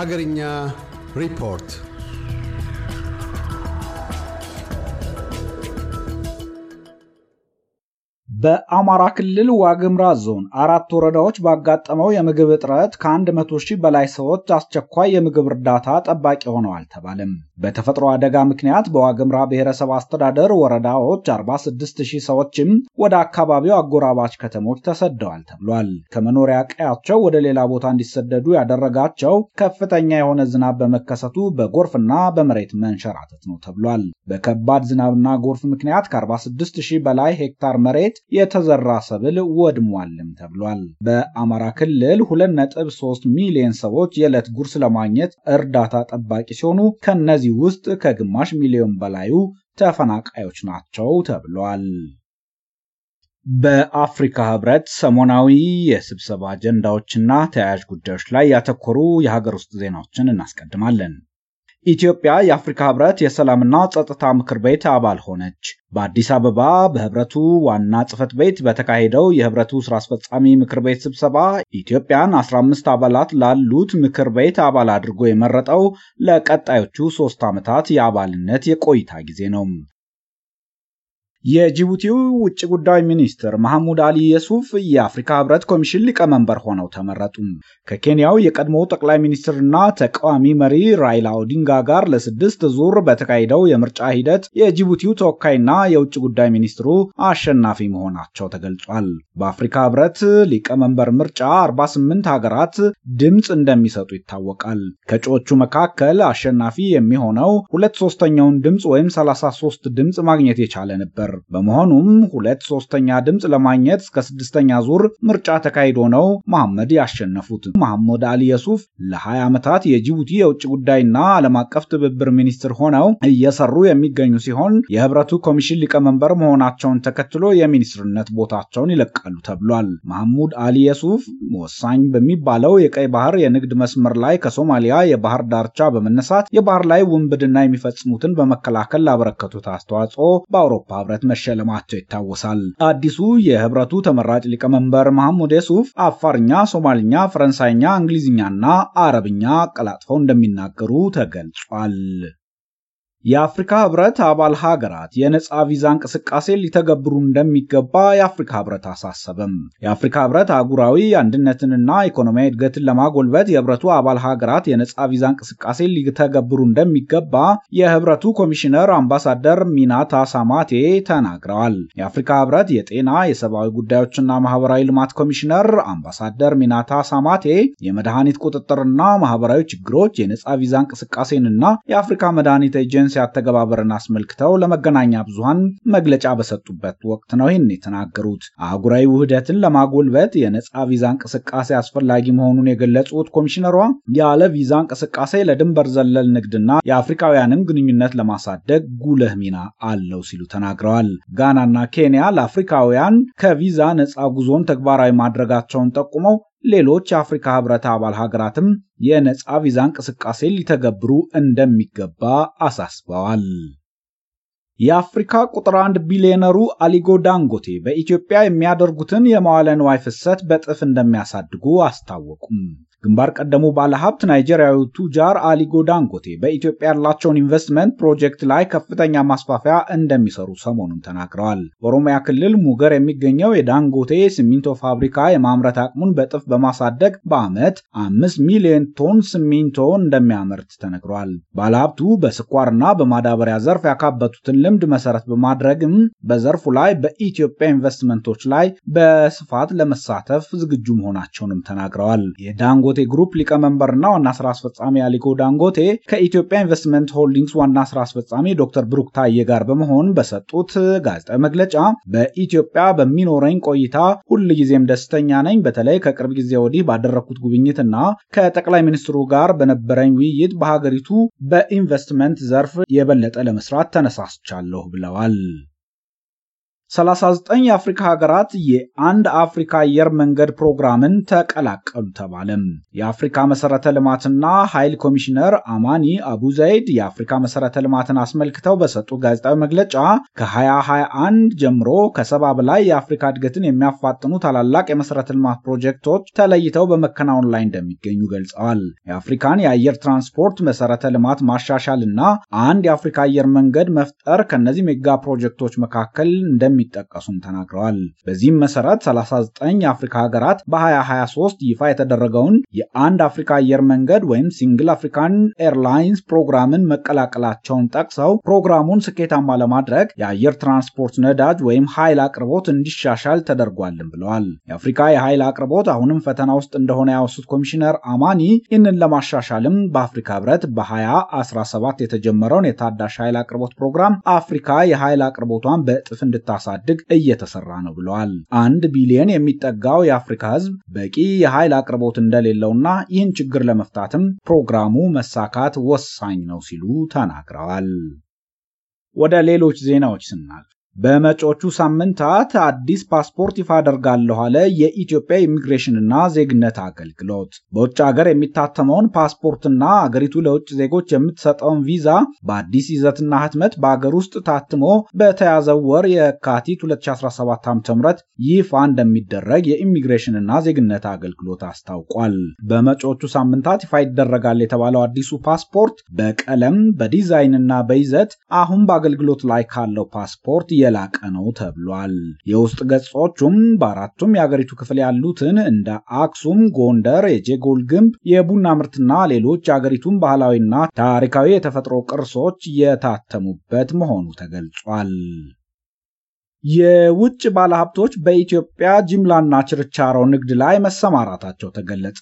Hagarinya Report በአማራ ክልል ዋግምራ ዞን አራት ወረዳዎች ባጋጠመው የምግብ እጥረት ከአንድ መቶ ሺህ በላይ ሰዎች አስቸኳይ የምግብ እርዳታ ጠባቂ ሆነው አልተባለም። በተፈጥሮ አደጋ ምክንያት በዋግምራ ብሔረሰብ አስተዳደር ወረዳዎች 46 ሺህ ሰዎችም ወደ አካባቢው አጎራባች ከተሞች ተሰደዋል ተብሏል። ከመኖሪያ ቀያቸው ወደ ሌላ ቦታ እንዲሰደዱ ያደረጋቸው ከፍተኛ የሆነ ዝናብ በመከሰቱ በጎርፍና በመሬት መንሸራተት ነው ተብሏል። በከባድ ዝናብና ጎርፍ ምክንያት ከ46 ሺህ በላይ ሄክታር መሬት የተዘራ ሰብል ወድሟልም ተብሏል። በአማራ ክልል 2.3 ሚሊዮን ሰዎች የዕለት ጉርስ ለማግኘት እርዳታ ጠባቂ ሲሆኑ ከነዚህ ውስጥ ከግማሽ ሚሊዮን በላዩ ተፈናቃዮች ናቸው ተብሏል። በአፍሪካ ህብረት ሰሞናዊ የስብሰባ አጀንዳዎችና ተያያዥ ጉዳዮች ላይ ያተኮሩ የሀገር ውስጥ ዜናዎችን እናስቀድማለን። ኢትዮጵያ የአፍሪካ ህብረት የሰላምና ጸጥታ ምክር ቤት አባል ሆነች። በአዲስ አበባ በህብረቱ ዋና ጽህፈት ቤት በተካሄደው የህብረቱ ስራ አስፈጻሚ ምክር ቤት ስብሰባ ኢትዮጵያን 15 አባላት ላሉት ምክር ቤት አባል አድርጎ የመረጠው ለቀጣዮቹ ሶስት ዓመታት የአባልነት የቆይታ ጊዜ ነው። የጅቡቲው ውጭ ጉዳይ ሚኒስትር መሐሙድ አሊ የሱፍ የአፍሪካ ህብረት ኮሚሽን ሊቀመንበር ሆነው ተመረጡ። ከኬንያው የቀድሞ ጠቅላይ ሚኒስትርና ተቃዋሚ መሪ ራይላ ኦዲንጋ ጋር ለስድስት ዙር በተካሄደው የምርጫ ሂደት የጅቡቲው ተወካይና የውጭ ጉዳይ ሚኒስትሩ አሸናፊ መሆናቸው ተገልጿል። በአፍሪካ ህብረት ሊቀመንበር ምርጫ 48 ሀገራት ድምፅ እንደሚሰጡ ይታወቃል። ከእጩዎቹ መካከል አሸናፊ የሚሆነው ሁለት ሶስተኛውን ድምፅ ወይም 33 ድምፅ ማግኘት የቻለ ነበር። ነበር። በመሆኑም ሁለት ሶስተኛ ድምፅ ለማግኘት እስከ ስድስተኛ ዙር ምርጫ ተካሂዶ ነው መሐመድ ያሸነፉት። መሐመድ አሊ የሱፍ ለ20 ዓመታት የጅቡቲ የውጭ ጉዳይና ዓለም አቀፍ ትብብር ሚኒስትር ሆነው እየሰሩ የሚገኙ ሲሆን የህብረቱ ኮሚሽን ሊቀመንበር መሆናቸውን ተከትሎ የሚኒስትርነት ቦታቸውን ይለቃሉ ተብሏል። መሐሙድ አሊ የሱፍ ወሳኝ በሚባለው የቀይ ባህር የንግድ መስመር ላይ ከሶማሊያ የባህር ዳርቻ በመነሳት የባህር ላይ ውንብድና የሚፈጽሙትን በመከላከል ላበረከቱት አስተዋጽኦ በአውሮፓ ህብረት በሽልማት መሸለማቸው ይታወሳል። አዲሱ የህብረቱ ተመራጭ ሊቀመንበር መሐሙድ የሱፍ አፋርኛ፣ ሶማልኛ፣ ፈረንሳይኛ፣ እንግሊዝኛና አረብኛ አቀላጥፈው እንደሚናገሩ ተገልጿል። የአፍሪካ ህብረት አባል ሀገራት የነፃ ቪዛ እንቅስቃሴ ሊተገብሩ እንደሚገባ የአፍሪካ ህብረት አሳሰበም። የአፍሪካ ህብረት አህጉራዊ አንድነትንና ኢኮኖሚያዊ እድገትን ለማጎልበት የህብረቱ አባል ሀገራት የነፃ ቪዛ እንቅስቃሴ ሊተገብሩ እንደሚገባ የህብረቱ ኮሚሽነር አምባሳደር ሚናታ ሳማቴ ተናግረዋል። የአፍሪካ ህብረት የጤና የሰብአዊ ጉዳዮችና ማህበራዊ ልማት ኮሚሽነር አምባሳደር ሚናታ ሳማቴ የመድኃኒት ቁጥጥርና ማህበራዊ ችግሮች የነፃ ቪዛ እንቅስቃሴንና የአፍሪካ መድኃኒት ኤጀንሲ የኤጀንሲ አተገባበርን አስመልክተው ለመገናኛ ብዙሃን መግለጫ በሰጡበት ወቅት ነው ይህን የተናገሩት። አህጉራዊ ውህደትን ለማጎልበት የነፃ ቪዛ እንቅስቃሴ አስፈላጊ መሆኑን የገለጹት ኮሚሽነሯ ያለ ቪዛ እንቅስቃሴ ለድንበር ዘለል ንግድና የአፍሪካውያንን ግንኙነት ለማሳደግ ጉልህ ሚና አለው ሲሉ ተናግረዋል። ጋናና ኬንያ ለአፍሪካውያን ከቪዛ ነፃ ጉዞን ተግባራዊ ማድረጋቸውን ጠቁመው ሌሎች የአፍሪካ ህብረት አባል ሀገራትም የነፃ ቪዛ እንቅስቃሴ ሊተገብሩ እንደሚገባ አሳስበዋል። የአፍሪካ ቁጥር አንድ ቢሊዮነሩ አሊጎ ዳንጎቴ በኢትዮጵያ የሚያደርጉትን የመዋለ ንዋይ ፍሰት በጥፍ እንደሚያሳድጉ አስታወቁም። ግንባር ቀደሙ ባለሀብት ናይጄሪያዊ ቱጃር አሊጎ ዳንጎቴ በኢትዮጵያ ያላቸውን ኢንቨስትመንት ፕሮጀክት ላይ ከፍተኛ ማስፋፊያ እንደሚሰሩ ሰሞኑን ተናግረዋል። በኦሮሚያ ክልል ሙገር የሚገኘው የዳንጎቴ ሲሚንቶ ፋብሪካ የማምረት አቅሙን በጥፍ በማሳደግ በዓመት አምስት ሚሊዮን ቶን ሲሚንቶ እንደሚያመርት ተነግሯል። ባለሀብቱ በስኳርና በማዳበሪያ ዘርፍ ያካበቱትን ልምድ መሰረት በማድረግም በዘርፉ ላይ በኢትዮጵያ ኢንቨስትመንቶች ላይ በስፋት ለመሳተፍ ዝግጁ መሆናቸውንም ተናግረዋል። ዳንጎቴ ግሩፕ ሊቀመንበርና ዋና ስራ አስፈጻሚ አሊኮ ዳንጎቴ ከኢትዮጵያ ኢንቨስትመንት ሆልዲንግስ ዋና ስራ አስፈጻሚ ዶክተር ብሩክ ታዬ ጋር በመሆን በሰጡት ጋዜጣዊ መግለጫ በኢትዮጵያ በሚኖረኝ ቆይታ ጊዜም ደስተኛ ነኝ። በተለይ ከቅርብ ጊዜ ወዲህ ባደረግኩት ጉብኝትና ከጠቅላይ ሚኒስትሩ ጋር በነበረኝ ውይይት በሀገሪቱ በኢንቨስትመንት ዘርፍ የበለጠ ለመስራት ተነሳስቻለሁ ብለዋል። 39 የአፍሪካ ሀገራት የአንድ አፍሪካ አየር መንገድ ፕሮግራምን ተቀላቀሉ ተባለም። የአፍሪካ መሰረተ ልማትና ኃይል ኮሚሽነር አማኒ አቡ ዘይድ የአፍሪካ መሰረተ ልማትን አስመልክተው በሰጡ ጋዜጣዊ መግለጫ ከ2021 ጀምሮ ከሰባ በላይ የአፍሪካ እድገትን የሚያፋጥኑ ታላላቅ የመሰረተ ልማት ፕሮጀክቶች ተለይተው በመከናወን ላይ እንደሚገኙ ገልጸዋል። የአፍሪካን የአየር ትራንስፖርት መሰረተ ልማት ማሻሻልና አንድ የአፍሪካ አየር መንገድ መፍጠር ከእነዚህ ሜጋ ፕሮጀክቶች መካከል እንደሚ እንደሚጠቀሱም ተናግረዋል። በዚህም መሰረት 39 የአፍሪካ ሀገራት በ2023 ይፋ የተደረገውን የአንድ አፍሪካ አየር መንገድ ወይም ሲንግል አፍሪካን ኤርላይንስ ፕሮግራምን መቀላቀላቸውን ጠቅሰው ፕሮግራሙን ስኬታማ ለማድረግ የአየር ትራንስፖርት ነዳጅ ወይም ኃይል አቅርቦት እንዲሻሻል ተደርጓልም ብለዋል። የአፍሪካ የኃይል አቅርቦት አሁንም ፈተና ውስጥ እንደሆነ ያወሱት ኮሚሽነር አማኒ ይህንን ለማሻሻልም በአፍሪካ ህብረት በ2017 የተጀመረውን የታዳሽ ኃይል አቅርቦት ፕሮግራም አፍሪካ የኃይል አቅርቦቷን በእጥፍ እንድታሳ ለማሳደግ እየተሰራ ነው ብለዋል። አንድ ቢሊየን የሚጠጋው የአፍሪካ ህዝብ በቂ የኃይል አቅርቦት እንደሌለውና ይህን ችግር ለመፍታትም ፕሮግራሙ መሳካት ወሳኝ ነው ሲሉ ተናግረዋል። ወደ ሌሎች ዜናዎች ስናልፍ በመጪዎቹ ሳምንታት አዲስ ፓስፖርት ይፋ አደርጋለሁ አለ የኢትዮጵያ ኢሚግሬሽንና ዜግነት አገልግሎት። በውጭ ሀገር የሚታተመውን ፓስፖርትና አገሪቱ ለውጭ ዜጎች የምትሰጠውን ቪዛ በአዲስ ይዘትና ህትመት በአገር ውስጥ ታትሞ በተያዘው ወር የካቲት 2017 ዓ.ም ይፋ እንደሚደረግ የኢሚግሬሽንና ዜግነት አገልግሎት አስታውቋል። በመጪዎቹ ሳምንታት ይፋ ይደረጋል የተባለው አዲሱ ፓስፖርት በቀለም በዲዛይንና በይዘት አሁን በአገልግሎት ላይ ካለው ፓስፖርት የላቀ ነው ተብሏል። የውስጥ ገጾቹም በአራቱም የአገሪቱ ክፍል ያሉትን እንደ አክሱም፣ ጎንደር፣ የጀጎል ግንብ፣ የቡና ምርትና ሌሎች የአገሪቱን ባህላዊና ታሪካዊ የተፈጥሮ ቅርሶች የታተሙበት መሆኑ ተገልጿል። የውጭ ባለሀብቶች በኢትዮጵያ ጅምላና ችርቻሮ ንግድ ላይ መሰማራታቸው ተገለጸ።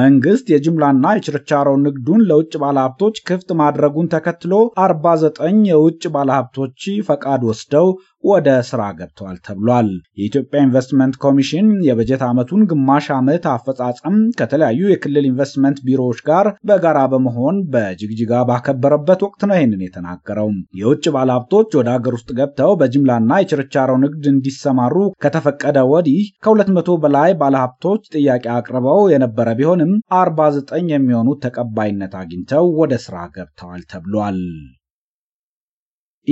መንግስት የጅምላና የችርቻሮ ንግዱን ለውጭ ባለሀብቶች ክፍት ማድረጉን ተከትሎ 49 የውጭ ባለሀብቶች ፈቃድ ወስደው ወደ ስራ ገብተዋል ተብሏል። የኢትዮጵያ ኢንቨስትመንት ኮሚሽን የበጀት ዓመቱን ግማሽ ዓመት አፈጻጸም ከተለያዩ የክልል ኢንቨስትመንት ቢሮዎች ጋር በጋራ በመሆን በጅግጅጋ ባከበረበት ወቅት ነው ይህንን የተናገረው። የውጭ ባለሀብቶች ወደ ሀገር ውስጥ ገብተው በጅምላና የችርቻሮ ንግድ እንዲሰማሩ ከተፈቀደ ወዲህ ከ200 በላይ ባለሀብቶች ጥያቄ አቅርበው የነበረ ቢሆንም 49 የሚሆኑት ተቀባይነት አግኝተው ወደ ስራ ገብተዋል ተብሏል።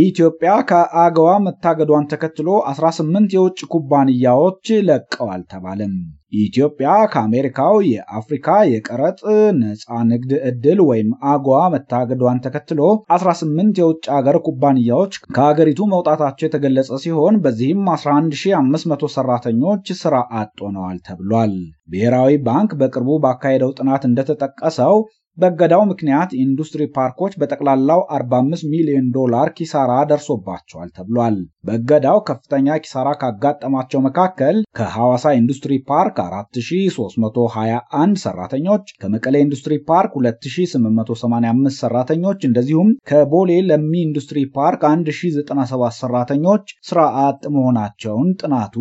ኢትዮጵያ ከአገዋ መታገዷን ተከትሎ 18 የውጭ ኩባንያዎች ለቀዋል ተባለም። ኢትዮጵያ ከአሜሪካው የአፍሪካ የቀረጥ ነፃ ንግድ ዕድል ወይም አገዋ መታገዷን ተከትሎ 18 የውጭ አገር ኩባንያዎች ከአገሪቱ መውጣታቸው የተገለጸ ሲሆን በዚህም 11500 ሰራተኞች ስራ አጥ ሆነዋል ተብሏል። ብሔራዊ ባንክ በቅርቡ ባካሄደው ጥናት እንደተጠቀሰው በእገዳው ምክንያት ኢንዱስትሪ ፓርኮች በጠቅላላው 45 ሚሊዮን ዶላር ኪሳራ ደርሶባቸዋል ተብሏል። በእገዳው ከፍተኛ ኪሳራ ካጋጠማቸው መካከል ከሐዋሳ ኢንዱስትሪ ፓርክ 4321 ሰራተኞች፣ ከመቀሌ ኢንዱስትሪ ፓርክ 2885 ሰራተኞች እንደዚሁም ከቦሌ ለሚ ኢንዱስትሪ ፓርክ 1097 ሰራተኞች ስራ አጥ መሆናቸውን ጥናቱ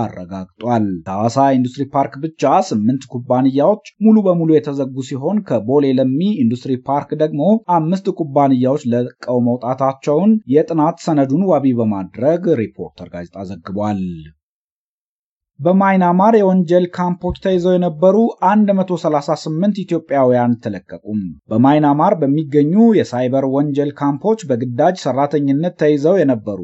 አረጋግጧል። ከሐዋሳ ኢንዱስትሪ ፓርክ ብቻ 8 ኩባንያዎች ሙሉ በሙሉ የተዘጉ ሲሆን ከቦሌ ለሚ ኢንዱስትሪ ፓርክ ደግሞ አምስት ኩባንያዎች ለቀው መውጣታቸውን የጥናት ሰነዱን ዋቢ በማድረግ ሪፖርተር ጋዜጣ ዘግቧል። በማይናማር የወንጀል ካምፖች ተይዘው የነበሩ 138 ኢትዮጵያውያን ተለቀቁም። በማይናማር በሚገኙ የሳይበር ወንጀል ካምፖች በግዳጅ ሰራተኝነት ተይዘው የነበሩ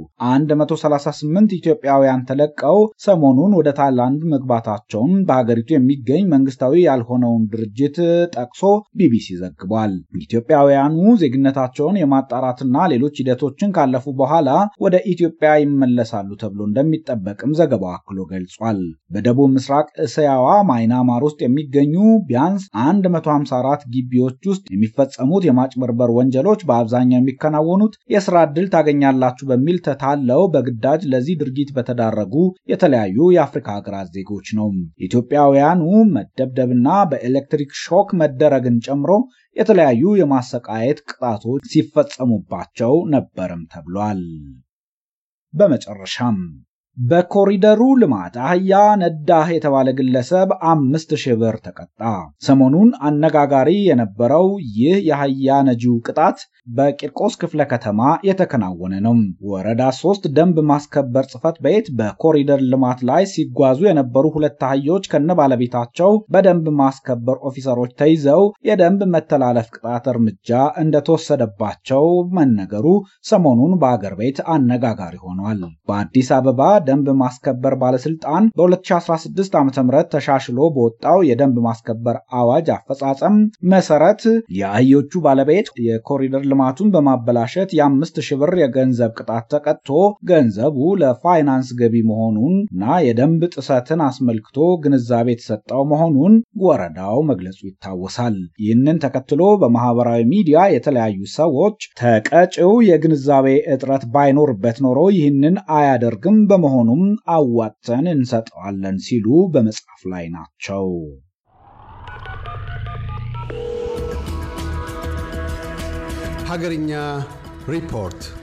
138 ኢትዮጵያውያን ተለቀው ሰሞኑን ወደ ታይላንድ መግባታቸውን በሀገሪቱ የሚገኝ መንግስታዊ ያልሆነውን ድርጅት ጠቅሶ ቢቢሲ ዘግቧል። ኢትዮጵያውያኑ ዜግነታቸውን የማጣራትና ሌሎች ሂደቶችን ካለፉ በኋላ ወደ ኢትዮጵያ ይመለሳሉ ተብሎ እንደሚጠበቅም ዘገባው አክሎ ገልጿል። ተገኝተዋል። በደቡብ ምስራቅ እስያዋ ማይናማር ውስጥ የሚገኙ ቢያንስ 154 ግቢዎች ውስጥ የሚፈጸሙት የማጭበርበር ወንጀሎች በአብዛኛው የሚከናወኑት የስራ ዕድል ታገኛላችሁ በሚል ተታለው በግዳጅ ለዚህ ድርጊት በተዳረጉ የተለያዩ የአፍሪካ ሀገራት ዜጎች ነው። ኢትዮጵያውያኑ መደብደብና በኤሌክትሪክ ሾክ መደረግን ጨምሮ የተለያዩ የማሰቃየት ቅጣቶች ሲፈጸሙባቸው ነበርም ተብሏል። በመጨረሻም በኮሪደሩ ልማት አህያ ነዳህ የተባለ ግለሰብ አምስት ሺህ ብር ተቀጣ። ሰሞኑን አነጋጋሪ የነበረው ይህ የአህያ ነጂው ቅጣት በቂርቆስ ክፍለ ከተማ የተከናወነ ነው። ወረዳ ሶስት ደንብ ማስከበር ጽፈት ቤት በኮሪደር ልማት ላይ ሲጓዙ የነበሩ ሁለት አህዮች ከነ ባለቤታቸው በደንብ ማስከበር ኦፊሰሮች ተይዘው የደንብ መተላለፍ ቅጣት እርምጃ እንደተወሰደባቸው መነገሩ ሰሞኑን በአገር ቤት አነጋጋሪ ሆኗል። በአዲስ አበባ ደንብ ማስከበር ባለስልጣን በ2016 ዓ ም ተሻሽሎ በወጣው የደንብ ማስከበር አዋጅ አፈጻጸም መሰረት የአህዮቹ ባለቤት የኮሪደር ሽልማቱን በማበላሸት የአምስት ሺህ ብር የገንዘብ ቅጣት ተቀጥቶ ገንዘቡ ለፋይናንስ ገቢ መሆኑን እና የደንብ ጥሰትን አስመልክቶ ግንዛቤ የተሰጠው መሆኑን ወረዳው መግለጹ ይታወሳል። ይህንን ተከትሎ በማህበራዊ ሚዲያ የተለያዩ ሰዎች ተቀጪው የግንዛቤ እጥረት ባይኖርበት ኖሮ ይህንን አያደርግም፣ በመሆኑም አዋጥተን እንሰጠዋለን ሲሉ በመጻፍ ላይ ናቸው። Hagarinya Report